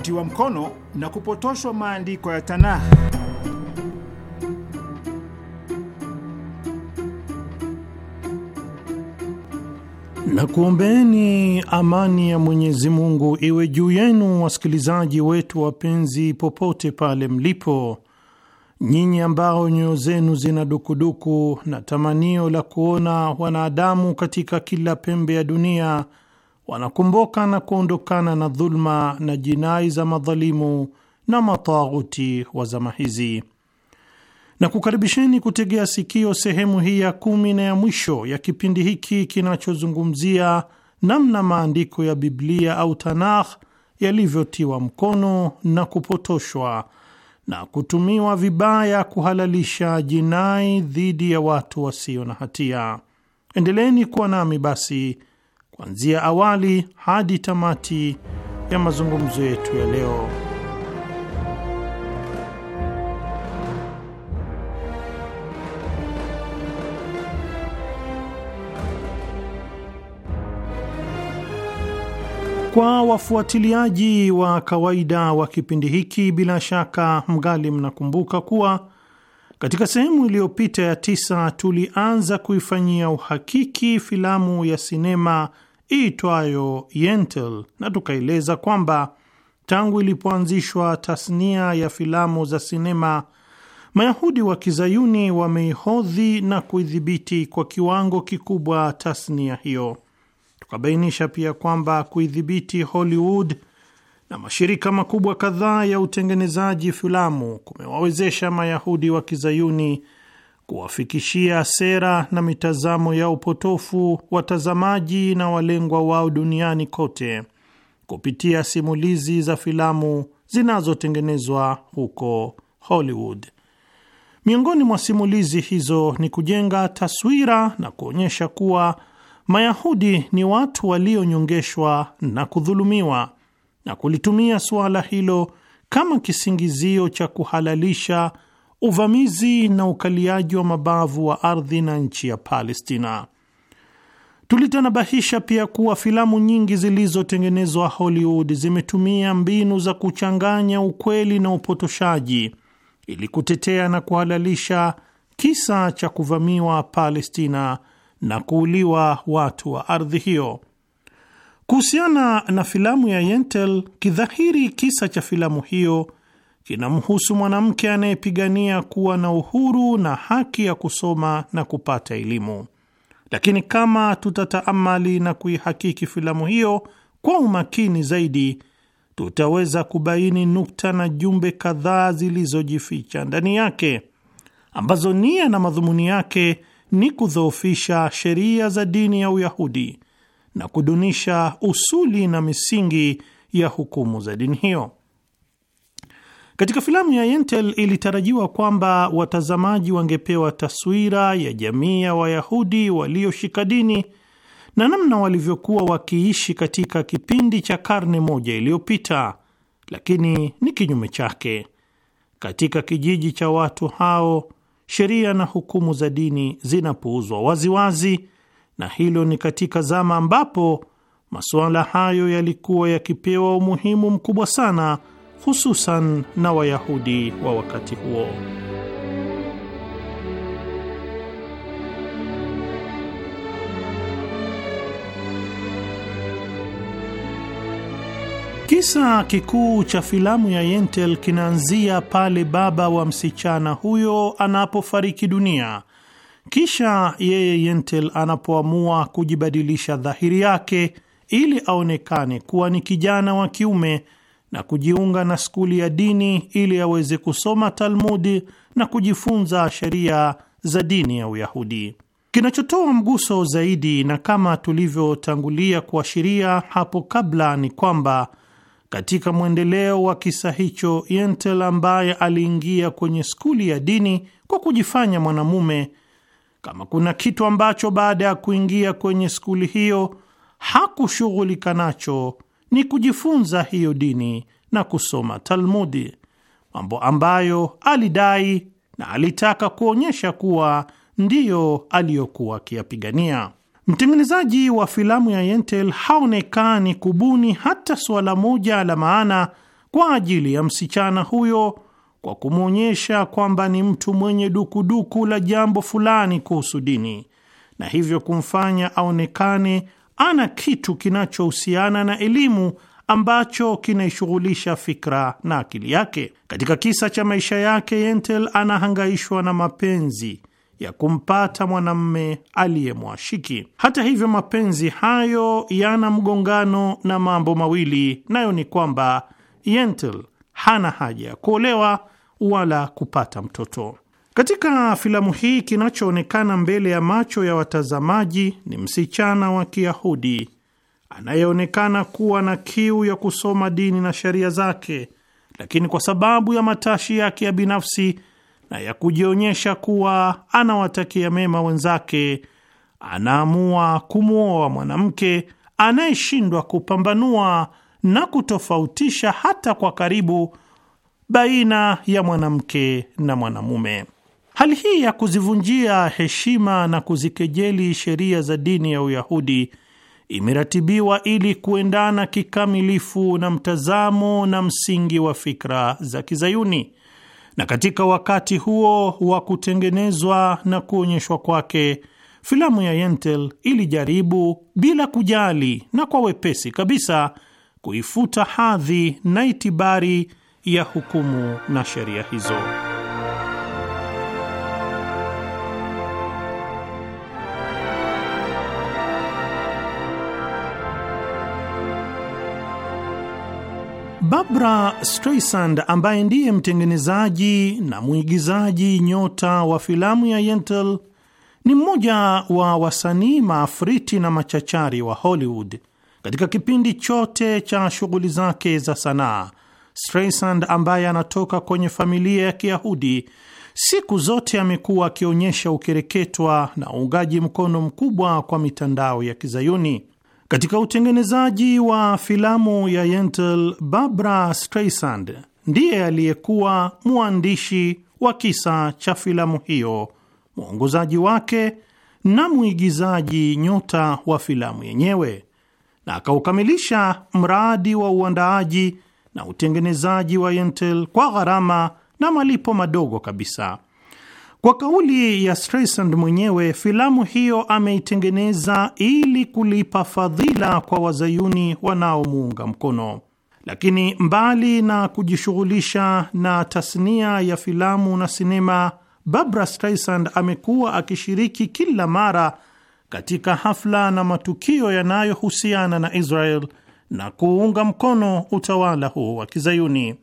kutiwa mkono na kupotoshwa maandiko ya Tanakh. Na kuombeeni amani ya Mwenyezi Mungu iwe juu yenu, wasikilizaji wetu wapenzi, popote pale mlipo, nyinyi ambao nyoyo zenu zina dukuduku na tamanio la kuona wanadamu katika kila pembe ya dunia wanakumbuka na kuondokana na dhulma na jinai za madhalimu na mataghuti wa zama hizi, na kukaribisheni kutegea sikio sehemu hii ya kumi na ya mwisho ya kipindi hiki kinachozungumzia namna maandiko ya Biblia au Tanakh yalivyotiwa mkono na kupotoshwa na kutumiwa vibaya kuhalalisha jinai dhidi ya watu wasio na hatia. Endeleeni kuwa nami basi kuanzia awali hadi tamati ya mazungumzo yetu ya leo. Kwa wafuatiliaji wa kawaida wa kipindi hiki, bila shaka mgali mnakumbuka kuwa katika sehemu iliyopita ya tisa tulianza kuifanyia uhakiki filamu ya sinema iitwayo Yentel na tukaeleza kwamba tangu ilipoanzishwa tasnia ya filamu za sinema, Mayahudi wa Kizayuni wameihodhi na kuidhibiti kwa kiwango kikubwa tasnia hiyo. Tukabainisha pia kwamba kuidhibiti Hollywood na mashirika makubwa kadhaa ya utengenezaji filamu kumewawezesha Mayahudi wa Kizayuni kuwafikishia sera na mitazamo ya upotofu watazamaji na walengwa wao duniani kote kupitia simulizi za filamu zinazotengenezwa huko Hollywood. Miongoni mwa simulizi hizo ni kujenga taswira na kuonyesha kuwa Mayahudi ni watu walionyongeshwa na kudhulumiwa na kulitumia suala hilo kama kisingizio cha kuhalalisha uvamizi na ukaliaji wa mabavu wa ardhi na nchi ya Palestina. Tulitanabahisha pia kuwa filamu nyingi zilizotengenezwa Hollywood zimetumia mbinu za kuchanganya ukweli na upotoshaji ili kutetea na kuhalalisha kisa cha kuvamiwa Palestina na kuuliwa watu wa ardhi hiyo. Kuhusiana na filamu ya Yentel, kidhahiri kisa cha filamu hiyo kinamhusu mwanamke anayepigania kuwa na uhuru na haki ya kusoma na kupata elimu. Lakini kama tutataamali na kuihakiki filamu hiyo kwa umakini zaidi, tutaweza kubaini nukta na jumbe kadhaa zilizojificha ndani yake, ambazo nia na madhumuni yake ni kudhoofisha sheria za dini ya Uyahudi na kudunisha usuli na misingi ya hukumu za dini hiyo. Katika filamu ya Yentel ilitarajiwa kwamba watazamaji wangepewa taswira ya jamii ya Wayahudi walioshika dini na namna walivyokuwa wakiishi katika kipindi cha karne moja iliyopita, lakini ni kinyume chake. Katika kijiji cha watu hao, sheria na hukumu za dini zinapuuzwa waziwazi, na hilo ni katika zama ambapo masuala hayo yalikuwa yakipewa umuhimu mkubwa sana hususan na Wayahudi wa wakati huo. Kisa kikuu cha filamu ya Yentel kinaanzia pale baba wa msichana huyo anapofariki dunia, kisha yeye Yentel anapoamua kujibadilisha dhahiri yake ili aonekane kuwa ni kijana wa kiume na kujiunga na skuli ya dini ili aweze kusoma Talmudi na kujifunza sheria za dini ya Uyahudi. Kinachotoa mguso zaidi, na kama tulivyotangulia kuashiria hapo kabla, ni kwamba katika mwendeleo wa kisa hicho, Yentel ambaye aliingia kwenye skuli ya dini kwa kujifanya mwanamume, kama kuna kitu ambacho baada ya kuingia kwenye skuli hiyo hakushughulika nacho ni kujifunza hiyo dini na kusoma Talmudi, mambo ambayo alidai na alitaka kuonyesha kuwa ndiyo aliyokuwa akiyapigania. Mtengenezaji wa filamu ya Yentel haonekani kubuni hata suala moja la maana kwa ajili ya msichana huyo kwa kumwonyesha kwamba ni mtu mwenye dukuduku la jambo fulani kuhusu dini na hivyo kumfanya aonekane ana kitu kinachohusiana na elimu ambacho kinaishughulisha fikra na akili yake. Katika kisa cha maisha yake, Yentel anahangaishwa na mapenzi ya kumpata mwanamme aliyemwashiki. Hata hivyo, mapenzi hayo yana mgongano na mambo mawili, nayo ni kwamba Yentel hana haja ya kuolewa wala kupata mtoto. Katika filamu hii kinachoonekana mbele ya macho ya watazamaji ni msichana wa Kiyahudi anayeonekana kuwa na kiu ya kusoma dini na sheria zake, lakini kwa sababu ya matashi yake ya binafsi na ya kujionyesha kuwa anawatakia mema wenzake, anaamua kumwoa mwanamke anayeshindwa kupambanua na kutofautisha hata kwa karibu baina ya mwanamke na mwanamume. Hali hii ya kuzivunjia heshima na kuzikejeli sheria za dini ya Uyahudi imeratibiwa ili kuendana kikamilifu na mtazamo na msingi wa fikra za Kizayuni, na katika wakati huo wa kutengenezwa na kuonyeshwa kwake filamu ya Yentel ilijaribu bila kujali na kwa wepesi kabisa kuifuta hadhi na itibari ya hukumu na sheria hizo. Barbra Streisand ambaye ndiye mtengenezaji na mwigizaji nyota wa filamu ya Yentl ni mmoja wa wasanii maafriti na machachari wa Hollywood. Katika kipindi chote cha shughuli zake za sanaa, Streisand ambaye anatoka kwenye familia ya Kiyahudi siku zote amekuwa akionyesha ukereketwa na uungaji mkono mkubwa kwa mitandao ya Kizayuni. Katika utengenezaji wa filamu ya Yentl, barbara Streisand ndiye aliyekuwa mwandishi wa kisa cha filamu hiyo, mwongozaji wake na mwigizaji nyota wa filamu yenyewe, na akaukamilisha mradi wa uandaaji na utengenezaji wa Yentl kwa gharama na malipo madogo kabisa. Kwa kauli ya Streisand mwenyewe, filamu hiyo ameitengeneza ili kulipa fadhila kwa wazayuni wanaomuunga mkono. Lakini mbali na kujishughulisha na tasnia ya filamu na sinema, Barbara Streisand amekuwa akishiriki kila mara katika hafla na matukio yanayohusiana na Israel na kuunga mkono utawala huo wa Kizayuni.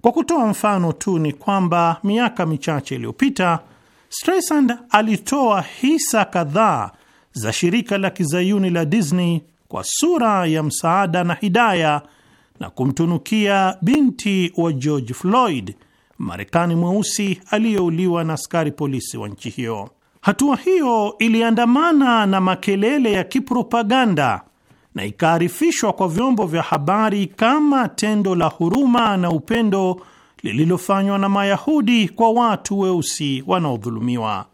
Kwa kutoa mfano tu, ni kwamba miaka michache iliyopita Streisand alitoa hisa kadhaa za shirika la kizayuni la Disney kwa sura ya msaada na hidaya na kumtunukia binti wa George Floyd, Marekani mweusi aliyeuliwa na askari polisi wa nchi hiyo. Hatua hiyo iliandamana na makelele ya kipropaganda na ikaarifishwa kwa vyombo vya habari kama tendo la huruma na upendo lililofanywa na Mayahudi kwa watu weusi wanaodhulumiwa.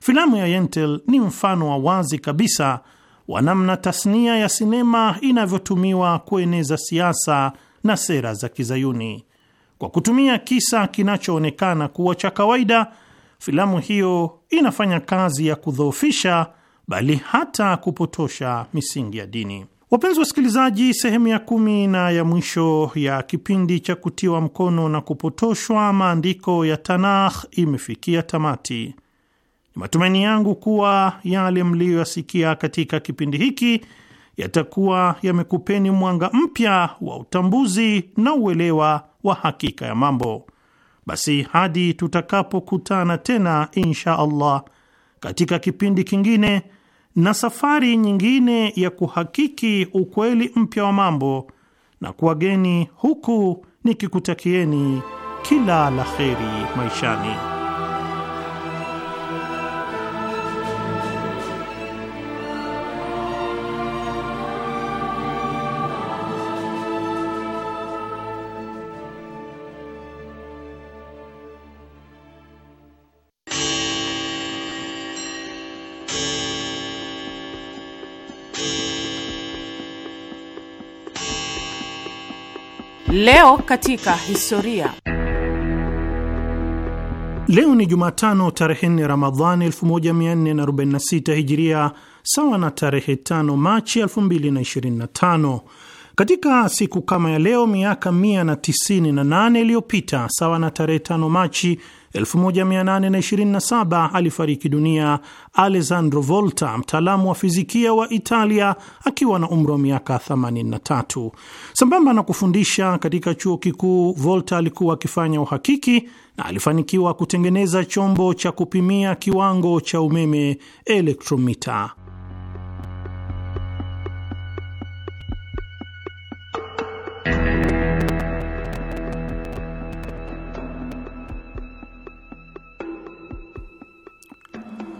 Filamu ya Yentel ni mfano wa wazi kabisa wa namna tasnia ya sinema inavyotumiwa kueneza siasa na sera za Kizayuni kwa kutumia kisa kinachoonekana kuwa cha kawaida. Filamu hiyo inafanya kazi ya kudhoofisha, bali hata kupotosha misingi ya dini. Wapenzi wasikilizaji, sehemu ya kumi na ya mwisho ya kipindi cha kutiwa mkono na kupotoshwa maandiko ya Tanakh imefikia tamati. Ni matumaini yangu kuwa yale mliyoyasikia katika kipindi hiki yatakuwa yamekupeni mwanga mpya wa utambuzi na uelewa wa hakika ya mambo. Basi hadi tutakapokutana tena, insha Allah, katika kipindi kingine na safari nyingine ya kuhakiki ukweli mpya wa mambo na kuwageni huku nikikutakieni kila la kheri maishani. Leo katika historia. Leo ni Jumatano tarehe nne Ramadhani 1446 Hijiria, sawa na tarehe 5 Machi 2025. Katika siku kama ya leo miaka 198 iliyopita, sawa na tarehe 5 Machi 1827 alifariki dunia Alessandro Volta, mtaalamu wa fizikia wa Italia, akiwa na umri wa miaka 83. Sambamba na kufundisha katika chuo kikuu, Volta alikuwa akifanya uhakiki na alifanikiwa kutengeneza chombo cha kupimia kiwango cha umeme, elektromita.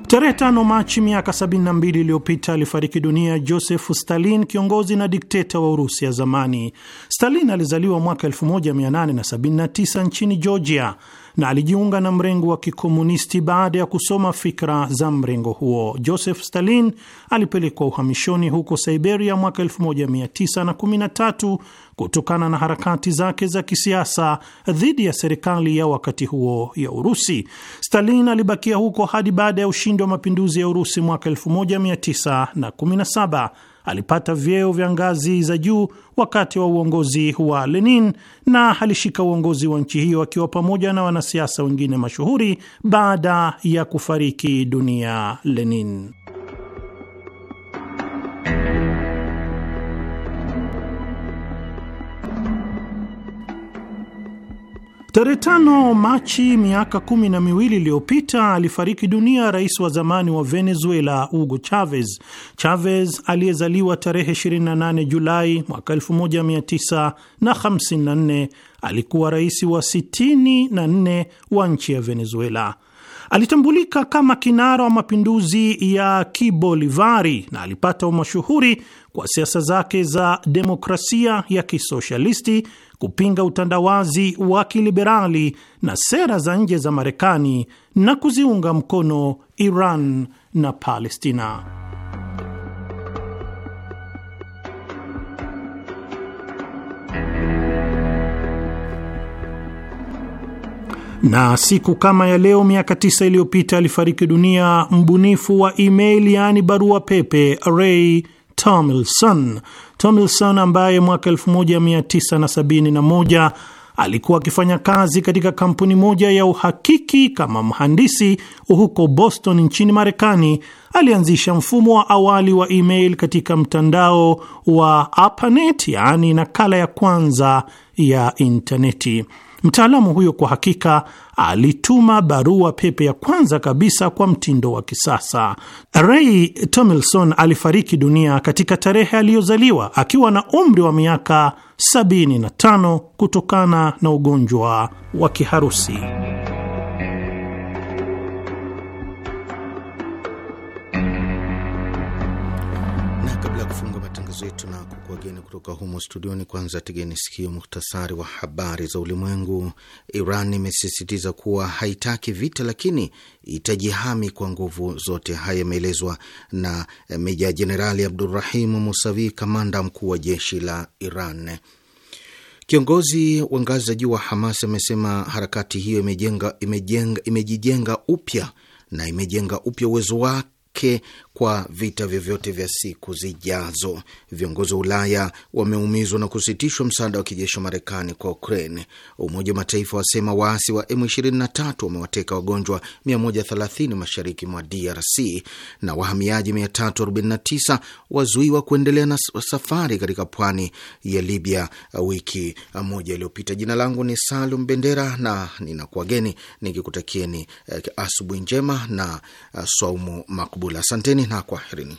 Tarehe tano Machi miaka 72 iliyopita alifariki dunia Joseph Stalin, kiongozi na dikteta wa Urusi ya zamani. Stalin alizaliwa mwaka 1879 nchini Georgia na alijiunga na mrengo wa kikomunisti baada ya kusoma fikra za mrengo huo. Joseph Stalin alipelekwa uhamishoni huko Siberia mwaka 1913 kutokana na harakati zake za kisiasa dhidi ya serikali ya wakati huo ya Urusi. Stalin alibakia huko hadi baada ya ushindi wa mapinduzi ya Urusi mwaka 1917. Alipata vyeo vya ngazi za juu wakati wa uongozi wa Lenin na alishika uongozi wa nchi hiyo akiwa pamoja na wanasiasa wengine mashuhuri baada ya kufariki dunia Lenin. Tarehe tano Machi miaka kumi na miwili iliyopita alifariki dunia rais wa zamani wa Venezuela Hugo Chavez. Chavez aliyezaliwa tarehe 28 Julai mwaka 1954 alikuwa rais wa 64 wa nchi ya Venezuela. Alitambulika kama kinara wa mapinduzi ya kibolivari na alipata umashuhuri kwa siasa zake za demokrasia ya kisoshalisti, kupinga utandawazi wa kiliberali na sera za nje za Marekani na kuziunga mkono Iran na Palestina. Na siku kama ya leo miaka tisa iliyopita alifariki dunia mbunifu wa email, yaani barua pepe, Ray Tomlinson. Tomlinson ambaye mwaka 1971 alikuwa akifanya kazi katika kampuni moja ya uhakiki kama mhandisi huko Boston nchini Marekani, alianzisha mfumo wa awali wa email katika mtandao wa ARPANET, yaani nakala ya kwanza ya intaneti. Mtaalamu huyo kwa hakika alituma barua pepe ya kwanza kabisa kwa mtindo wa kisasa. Ray Tomlinson alifariki dunia katika tarehe aliyozaliwa akiwa na umri wa miaka 75 kutokana na ugonjwa wa kiharusi. kutoka humo studioni. Kwanza tegeni sikio, muhtasari wa habari za ulimwengu. Iran imesisitiza kuwa haitaki vita, lakini itajihami kwa nguvu zote. Haya yameelezwa na meja jenerali Abdurahimu Musavi, kamanda mkuu wa jeshi la Iran. Kiongozi wa ngazi za juu wa Hamas amesema harakati hiyo imejenga, imejenga, imejijenga upya na imejenga upya uwezo wake kwa vita vyovyote vya siku zijazo. Viongozi wa Ulaya wameumizwa na kusitishwa msaada wa kijeshi wa Marekani kwa Ukraine. Umoja wa Mataifa wasema waasi wa M23 wamewateka wagonjwa 130 mashariki mwa DRC na wahamiaji 349 wazuiwa kuendelea na safari katika pwani ya Libya wiki moja iliyopita. Jina langu ni Salum Bendera na ninakuageni nikikutakieni eh, asubuhi njema na eh, saumu makbula. Asanteni na kwaherini.